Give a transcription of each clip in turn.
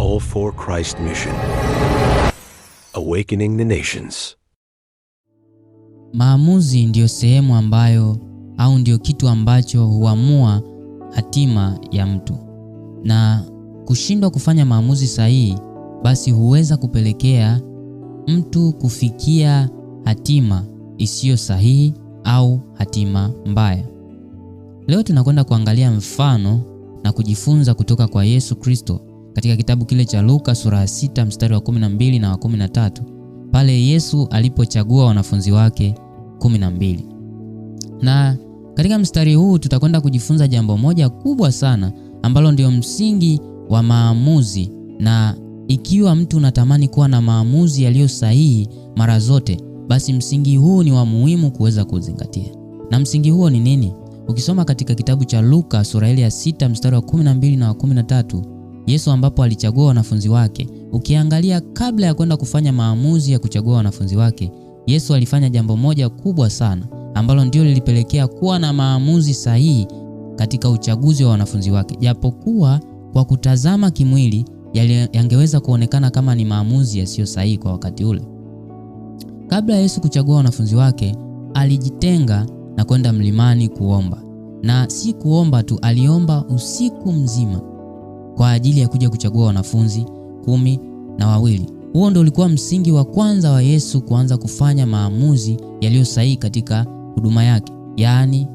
All for Christ mission awakening the nations. Maamuzi ndiyo sehemu ambayo au ndiyo kitu ambacho huamua hatima ya mtu, na kushindwa kufanya maamuzi sahihi basi huweza kupelekea mtu kufikia hatima isiyo sahihi au hatima mbaya. Leo tunakwenda kuangalia mfano na kujifunza kutoka kwa Yesu Kristo katika kitabu kile cha Luka sura ya 6 mstari wa 12 na wa 13, pale Yesu alipochagua wanafunzi wake 12. Na katika mstari huu tutakwenda kujifunza jambo moja kubwa sana ambalo ndio msingi wa maamuzi, na ikiwa mtu unatamani kuwa na maamuzi yaliyo sahihi mara zote, basi msingi huu ni wa muhimu kuweza kuzingatia. Na msingi huo ni nini? Ukisoma katika kitabu cha Luka sura ile ya 6 mstari wa 12 na wa 13 Yesu ambapo alichagua wanafunzi wake. Ukiangalia kabla ya kwenda kufanya maamuzi ya kuchagua wanafunzi wake, Yesu alifanya jambo moja kubwa sana ambalo ndio lilipelekea kuwa na maamuzi sahihi katika uchaguzi wa wanafunzi wake. Japokuwa kwa kutazama kimwili yangeweza kuonekana kama ni maamuzi yasiyo sahihi kwa wakati ule. Kabla Yesu kuchagua wanafunzi wake, alijitenga na kwenda mlimani kuomba, na si kuomba tu, aliomba usiku mzima kwa ajili ya kuja kuchagua wanafunzi kumi na wawili. Huo ndio ulikuwa msingi wa kwanza wa Yesu kuanza kufanya maamuzi yaliyo sahihi katika huduma yake, yaani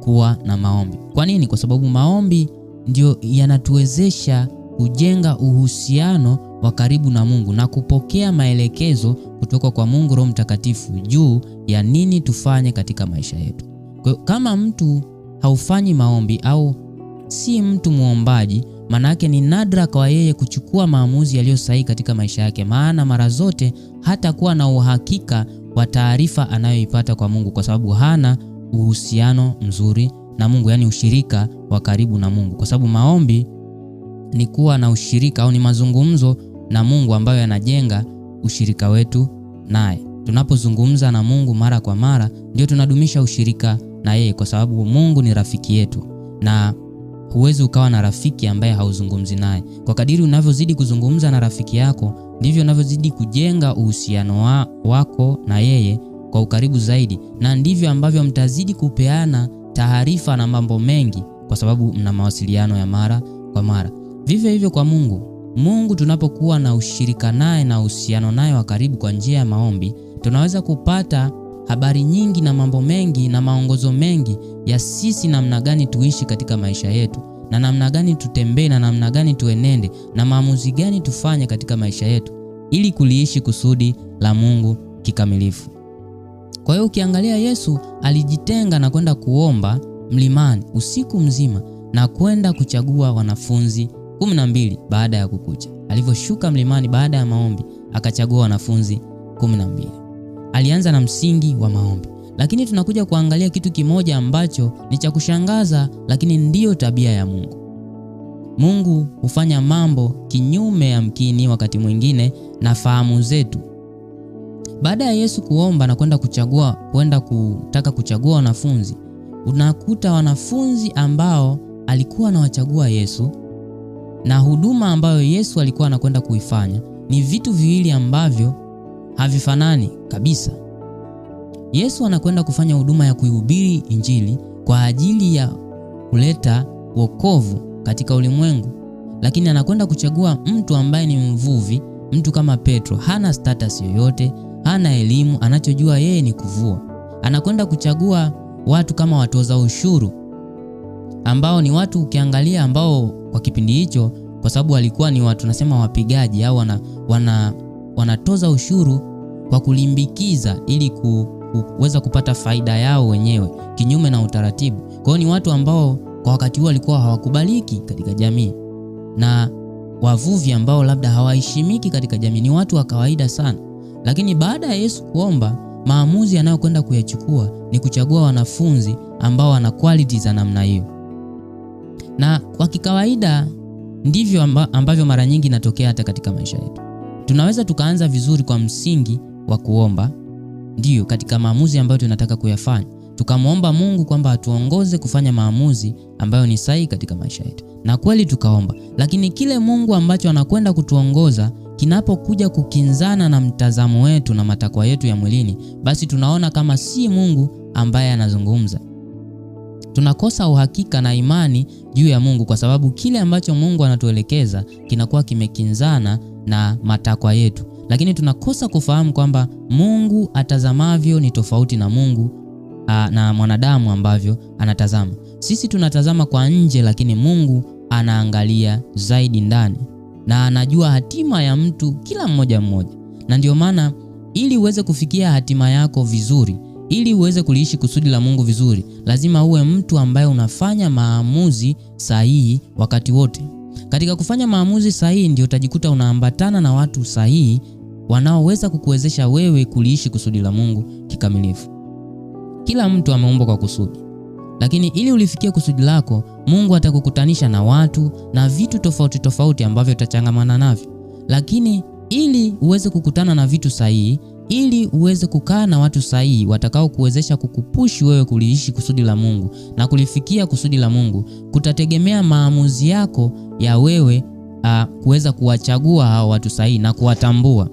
kuwa na maombi. Kwa nini? Kwa sababu maombi ndio yanatuwezesha kujenga uhusiano wa karibu na Mungu na kupokea maelekezo kutoka kwa Mungu Roho Mtakatifu juu ya nini tufanye katika maisha yetu. Kwa kama mtu haufanyi maombi au si mtu mwombaji, Manake ni nadra kwa yeye kuchukua maamuzi yaliyo sahihi katika maisha yake, maana mara zote hatakuwa na uhakika wa taarifa anayoipata kwa Mungu, kwa sababu hana uhusiano mzuri na Mungu, yaani ushirika wa karibu na Mungu, kwa sababu maombi ni kuwa na ushirika au ni mazungumzo na Mungu ambayo yanajenga ushirika wetu naye. Tunapozungumza na Mungu mara kwa mara, ndio tunadumisha ushirika na yeye, kwa sababu Mungu ni rafiki yetu na Huwezi ukawa na rafiki ambaye hauzungumzi naye. Kwa kadiri unavyozidi kuzungumza na rafiki yako, ndivyo unavyozidi kujenga uhusiano wa, wako na yeye kwa ukaribu zaidi, na ndivyo ambavyo mtazidi kupeana taarifa na mambo mengi, kwa sababu mna mawasiliano ya mara kwa mara. Vivyo hivyo kwa Mungu. Mungu tunapokuwa na ushirika naye na uhusiano naye wa karibu kwa njia ya maombi, tunaweza kupata habari nyingi na mambo mengi na maongozo mengi ya sisi namna gani tuishi katika maisha yetu na namna gani tutembee na namna gani tuenende na maamuzi gani tufanye katika maisha yetu ili kuliishi kusudi la Mungu kikamilifu. Kwa hiyo ukiangalia, Yesu alijitenga na kwenda kuomba mlimani usiku mzima na kwenda kuchagua wanafunzi kumi na mbili baada ya kukucha. Alivyoshuka mlimani baada ya maombi akachagua wanafunzi kumi na mbili alianza na msingi wa maombi. Lakini tunakuja kuangalia kitu kimoja ambacho ni cha kushangaza, lakini ndiyo tabia ya Mungu. Mungu hufanya mambo kinyume ya mkini wakati mwingine na fahamu zetu. Baada ya Yesu kuomba na kwenda kuchagua kwenda kutaka kuchagua wanafunzi, unakuta wanafunzi ambao alikuwa anawachagua Yesu na huduma ambayo Yesu alikuwa anakwenda kuifanya ni vitu viwili ambavyo havifanani kabisa. Yesu anakwenda kufanya huduma ya kuihubiri Injili kwa ajili ya kuleta wokovu katika ulimwengu, lakini anakwenda kuchagua mtu ambaye ni mvuvi, mtu kama Petro, hana status yoyote, hana elimu, anachojua yeye ni kuvua. Anakwenda kuchagua watu kama watoza ushuru ambao ni watu ukiangalia, ambao kwa kipindi hicho, kwa sababu walikuwa ni watu nasema wapigaji au wana, wana wanatoza ushuru kwa kulimbikiza ili kuweza kupata faida yao wenyewe kinyume na utaratibu. Kwa hiyo ni watu ambao kwa wakati huo walikuwa hawakubaliki katika jamii, na wavuvi ambao labda hawaheshimiki katika jamii, ni watu wa kawaida sana. Lakini baada ya Yesu kuomba, maamuzi yanayokwenda kuyachukua ni kuchagua wanafunzi ambao wana quality za namna hiyo, na kwa kikawaida ndivyo ambavyo mara nyingi inatokea hata katika maisha yetu. Tunaweza tukaanza vizuri kwa msingi wa kuomba, ndiyo, katika maamuzi ambayo tunataka kuyafanya, tukamwomba Mungu kwamba atuongoze kufanya maamuzi ambayo ni sahihi katika maisha yetu, na kweli tukaomba. Lakini kile Mungu ambacho anakwenda kutuongoza kinapokuja kukinzana na mtazamo wetu na matakwa yetu ya mwilini, basi tunaona kama si Mungu ambaye anazungumza. Tunakosa uhakika na imani juu ya Mungu kwa sababu kile ambacho Mungu anatuelekeza kinakuwa kimekinzana na matakwa yetu, lakini tunakosa kufahamu kwamba Mungu atazamavyo ni tofauti na Mungu a, na mwanadamu ambavyo anatazama. Sisi tunatazama kwa nje, lakini Mungu anaangalia zaidi ndani na anajua hatima ya mtu kila mmoja mmoja. Na ndio maana ili uweze kufikia hatima yako vizuri, ili uweze kuliishi kusudi la Mungu vizuri, lazima uwe mtu ambaye unafanya maamuzi sahihi wakati wote. Katika kufanya maamuzi sahihi ndio utajikuta unaambatana na watu sahihi wanaoweza kukuwezesha wewe kuliishi kusudi la Mungu kikamilifu. Kila mtu ameumbwa kwa kusudi, lakini ili ulifikie kusudi lako, Mungu atakukutanisha na watu na vitu tofauti tofauti ambavyo utachangamana navyo, lakini ili uweze kukutana na vitu sahihi ili uweze kukaa na watu sahihi watakao kuwezesha kukupushi wewe kuliishi kusudi la Mungu na kulifikia kusudi la Mungu, kutategemea maamuzi yako ya wewe kuweza kuwachagua hao watu sahihi na kuwatambua.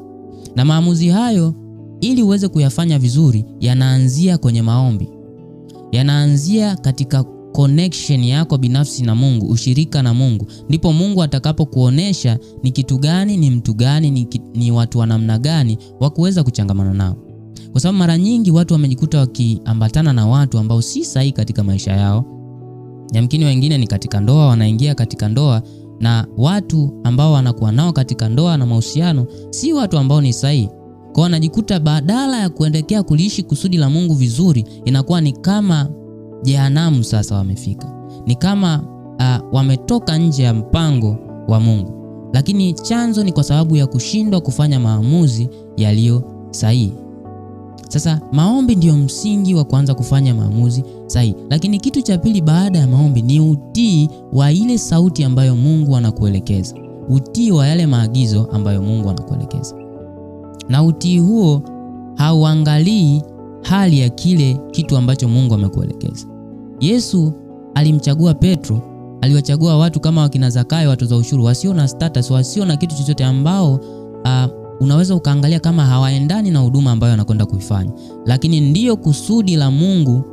Na maamuzi hayo ili uweze kuyafanya vizuri, yanaanzia kwenye maombi, yanaanzia katika connection yako binafsi na Mungu, ushirika na Mungu, ndipo Mungu atakapokuonesha ni kitu gani, ni mtu gani, ni, ki, ni watu wa namna gani wa kuweza kuchangamana nao, kwa sababu mara nyingi watu wamejikuta wakiambatana na watu ambao si sahihi katika maisha yao. Yamkini wengine ni katika ndoa, wanaingia katika ndoa na watu ambao wanakuwa nao katika ndoa na mahusiano si watu ambao ni sahihi kwa wanajikuta badala ya kuendekea kuliishi kusudi la Mungu vizuri, inakuwa ni kama jehanamu sasa wamefika. Ni kama uh, wametoka nje ya mpango wa Mungu, lakini chanzo ni kwa sababu ya kushindwa kufanya maamuzi yaliyo sahihi. Sasa maombi ndiyo msingi wa kuanza kufanya maamuzi sahihi, lakini kitu cha pili baada ya maombi ni utii wa ile sauti ambayo Mungu anakuelekeza, utii wa yale maagizo ambayo Mungu anakuelekeza, na utii huo hauangalii hali ya kile kitu ambacho Mungu amekuelekeza. Yesu alimchagua Petro, aliwachagua watu kama wakina Zakayo, watoza ushuru wasio na status, wasio na kitu chochote, ambao uh, unaweza ukaangalia kama hawaendani na huduma ambayo anakwenda kuifanya, lakini ndiyo kusudi la Mungu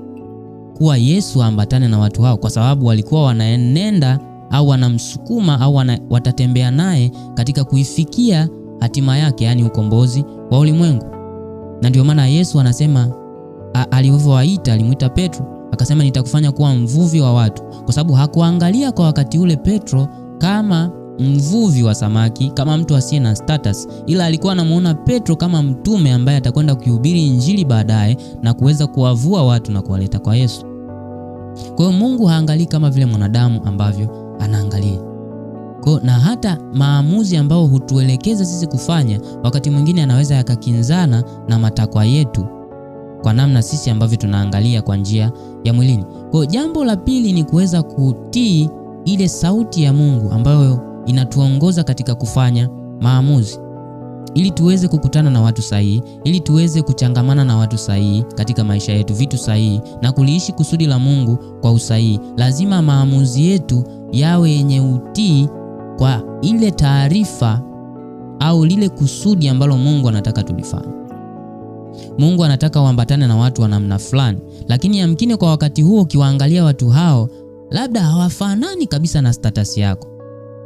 kuwa Yesu aambatane na watu hao, kwa sababu walikuwa wanaenenda au wanamsukuma au wana, watatembea naye katika kuifikia hatima yake, yaani ukombozi wa ulimwengu. Na ndio maana Yesu anasema alivyowaita alimwita Petro akasema nitakufanya kuwa mvuvi wa watu, kwa sababu hakuangalia kwa wakati ule Petro kama mvuvi wa samaki, kama mtu asiye na status, ila alikuwa anamuona Petro kama mtume ambaye atakwenda kuhubiri injili baadaye na kuweza kuwavua watu na kuwaleta kwa Yesu. Kwa hiyo Mungu haangalii kama vile mwanadamu ambavyo anaangalia kwa na hata maamuzi ambayo hutuelekeza sisi kufanya wakati mwingine anaweza yakakinzana na matakwa yetu kwa namna sisi ambavyo tunaangalia kwa njia ya mwilini. Kwa jambo la pili ni kuweza kutii ile sauti ya Mungu ambayo inatuongoza katika kufanya maamuzi ili tuweze kukutana na watu sahihi, ili tuweze kuchangamana na watu sahihi katika maisha yetu, vitu sahihi na kuliishi kusudi la Mungu kwa usahihi. Lazima maamuzi yetu yawe yenye utii kwa ile taarifa au lile kusudi ambalo Mungu anataka tulifanye. Mungu anataka uambatane na watu wa namna fulani, lakini yamkini kwa wakati huo ukiwaangalia watu hao labda hawafanani kabisa na status yako.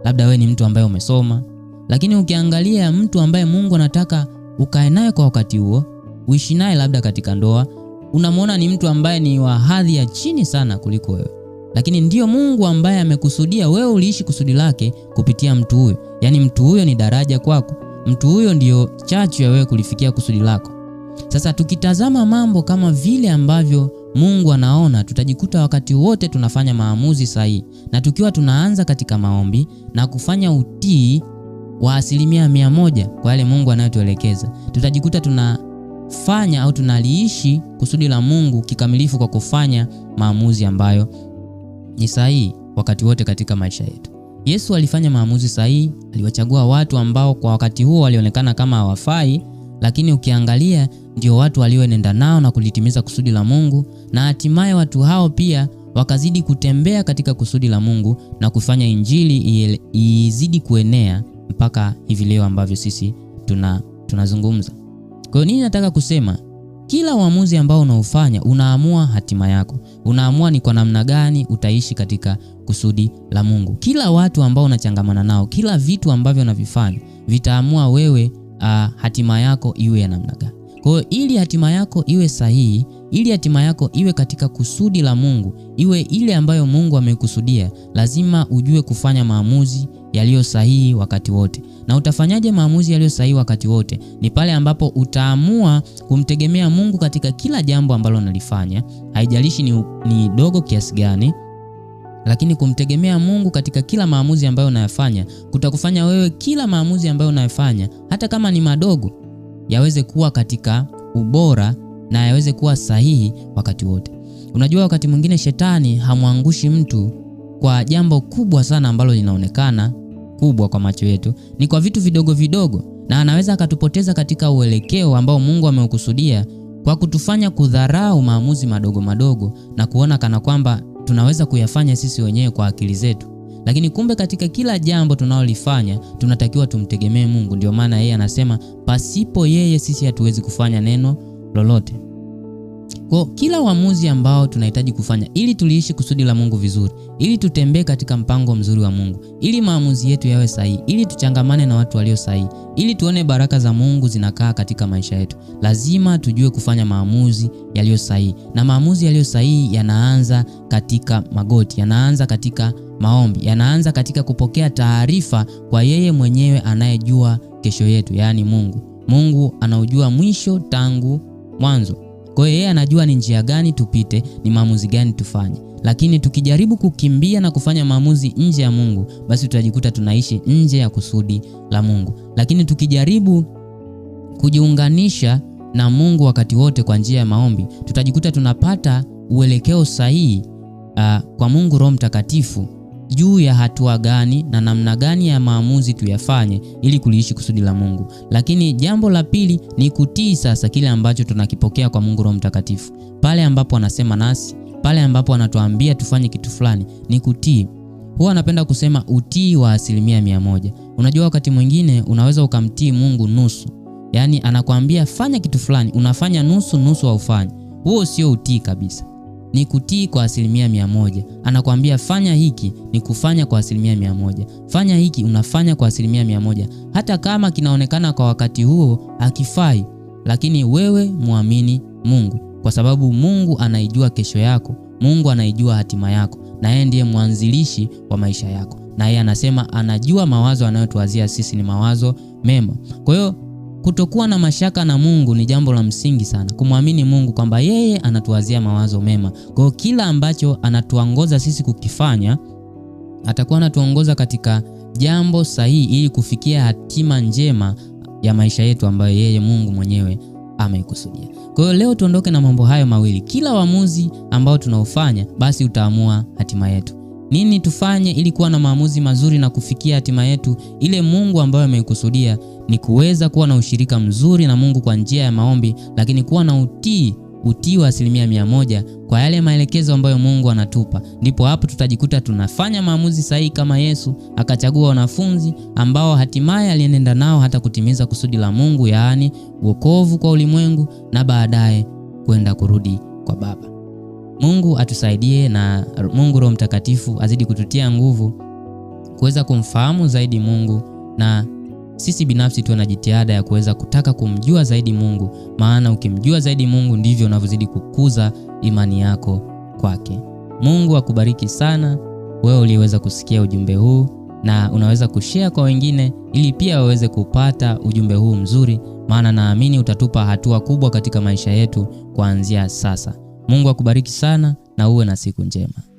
Labda we ni mtu ambaye umesoma, lakini ukiangalia mtu ambaye Mungu anataka ukae naye kwa wakati huo, uishi naye labda katika ndoa, unamwona ni mtu ambaye ni wa hadhi ya chini sana kuliko wewe, lakini ndiyo Mungu ambaye amekusudia wewe uliishi kusudi lake kupitia mtu huyo. Yaani mtu huyo ni daraja kwako, mtu huyo ndiyo chachu ya wewe kulifikia kusudi lako. Sasa tukitazama mambo kama vile ambavyo Mungu anaona, tutajikuta wakati wote tunafanya maamuzi sahihi, na tukiwa tunaanza katika maombi na kufanya utii wa asilimia mia moja kwa yale Mungu anayotuelekeza, tutajikuta tunafanya au tunaliishi kusudi la Mungu kikamilifu kwa kufanya maamuzi ambayo ni sahihi wakati wote katika maisha yetu. Yesu alifanya maamuzi sahihi, aliwachagua watu ambao kwa wakati huo walionekana kama hawafai lakini ukiangalia ndio watu walioenenda nao na kulitimiza kusudi la Mungu, na hatimaye watu hao pia wakazidi kutembea katika kusudi la Mungu na kufanya injili izidi kuenea mpaka hivi leo ambavyo sisi tuna tunazungumza. Kwa hiyo nini nataka kusema? Kila uamuzi ambao unaofanya unaamua hatima yako, unaamua ni kwa namna gani utaishi katika kusudi la Mungu. Kila watu ambao unachangamana nao, kila vitu ambavyo unavifanya vitaamua wewe uh, hatima yako iwe ya namna gani. Kwa hiyo ili hatima yako iwe sahihi, ili hatima yako iwe katika kusudi la Mungu, iwe ile ambayo Mungu amekusudia, lazima ujue kufanya maamuzi yaliyo sahihi wakati wote. Na utafanyaje maamuzi yaliyo sahihi wakati wote? Ni pale ambapo utaamua kumtegemea Mungu katika kila jambo ambalo unalifanya, haijalishi ni, ni dogo kiasi gani lakini kumtegemea Mungu katika kila maamuzi ambayo unayafanya kutakufanya wewe kila maamuzi ambayo unayafanya hata kama ni madogo yaweze kuwa katika ubora na yaweze kuwa sahihi wakati wote. Unajua, wakati mwingine shetani hamwangushi mtu kwa jambo kubwa sana ambalo linaonekana kubwa kwa macho yetu, ni kwa vitu vidogo vidogo, na anaweza akatupoteza katika uelekeo ambao Mungu ameukusudia kwa kutufanya kudharau maamuzi madogo madogo na kuona kana kwamba tunaweza kuyafanya sisi wenyewe kwa akili zetu, lakini kumbe katika kila jambo tunalolifanya tunatakiwa tumtegemee Mungu. Ndio maana yeye anasema pasipo yeye sisi hatuwezi kufanya neno lolote. Kwa kila uamuzi ambao tunahitaji kufanya ili tuliishi kusudi la Mungu vizuri, ili tutembee katika mpango mzuri wa Mungu, ili maamuzi yetu yawe sahihi, ili tuchangamane na watu walio sahihi, ili tuone baraka za Mungu zinakaa katika maisha yetu, lazima tujue kufanya maamuzi yaliyo sahihi, na maamuzi yaliyo sahihi yanaanza katika magoti, yanaanza katika maombi, yanaanza katika kupokea taarifa kwa yeye mwenyewe anayejua kesho yetu, yaani Mungu. Mungu anaujua mwisho tangu mwanzo. Kwa hiyo yeye anajua ni njia gani tupite, ni maamuzi gani tufanye. Lakini tukijaribu kukimbia na kufanya maamuzi nje ya Mungu, basi tutajikuta tunaishi nje ya kusudi la Mungu. Lakini tukijaribu kujiunganisha na Mungu wakati wote kwa njia ya maombi, tutajikuta tunapata uelekeo sahihi uh, kwa Mungu Roho Mtakatifu juu ya hatua gani na namna gani ya maamuzi tuyafanye ili kuliishi kusudi la Mungu. Lakini jambo la pili ni kutii sasa kile ambacho tunakipokea kwa Mungu Roho Mtakatifu. Pale ambapo anasema nasi, pale ambapo anatuambia tufanye kitu fulani, ni kutii. Huwa anapenda kusema utii wa asilimia mia moja. Unajua, wakati mwingine unaweza ukamtii Mungu nusu, yaani anakuambia fanya kitu fulani, unafanya nusu nusu, haufanyi. Huo sio utii kabisa ni kutii kwa asilimia mia moja. Anakwambia fanya hiki ni kufanya kwa asilimia mia moja. Fanya hiki unafanya kwa asilimia mia moja, hata kama kinaonekana kwa wakati huo akifai lakini wewe muamini Mungu kwa sababu Mungu anaijua kesho yako, Mungu anaijua hatima yako, na yeye ndiye mwanzilishi wa maisha yako, na yeye anasema anajua mawazo anayotuwazia sisi ni mawazo mema. Kwa hiyo Kutokuwa na mashaka na Mungu ni jambo la msingi sana, kumwamini Mungu kwamba yeye anatuwazia mawazo mema. Kwa hiyo kila ambacho anatuongoza sisi kukifanya, atakuwa anatuongoza katika jambo sahihi, ili kufikia hatima njema ya maisha yetu ambayo yeye Mungu mwenyewe ameikusudia. Kwa hiyo leo tuondoke na mambo hayo mawili. Kila uamuzi ambao tunaofanya, basi utaamua hatima yetu. Nini tufanye ili kuwa na maamuzi mazuri na kufikia hatima yetu ile Mungu ambayo ameikusudia ni kuweza kuwa na ushirika mzuri na Mungu kwa njia ya maombi, lakini kuwa na utii utii wa asilimia mia moja kwa yale maelekezo ambayo Mungu anatupa, ndipo hapo tutajikuta tunafanya maamuzi sahihi, kama Yesu akachagua wanafunzi ambao hatimaye alienenda nao hata kutimiza kusudi la Mungu, yaani wokovu kwa ulimwengu na baadaye kwenda kurudi kwa Baba. Mungu atusaidie na Mungu Roho Mtakatifu azidi kututia nguvu kuweza kumfahamu zaidi Mungu na sisi binafsi tuwe na jitihada ya kuweza kutaka kumjua zaidi Mungu, maana ukimjua zaidi Mungu ndivyo unavyozidi kukuza imani yako kwake. Mungu akubariki sana wewe uliyeweza kusikia ujumbe huu, na unaweza kushare kwa wengine ili pia waweze kupata ujumbe huu mzuri, maana naamini utatupa hatua kubwa katika maisha yetu kuanzia sasa. Mungu akubariki sana na uwe na siku njema.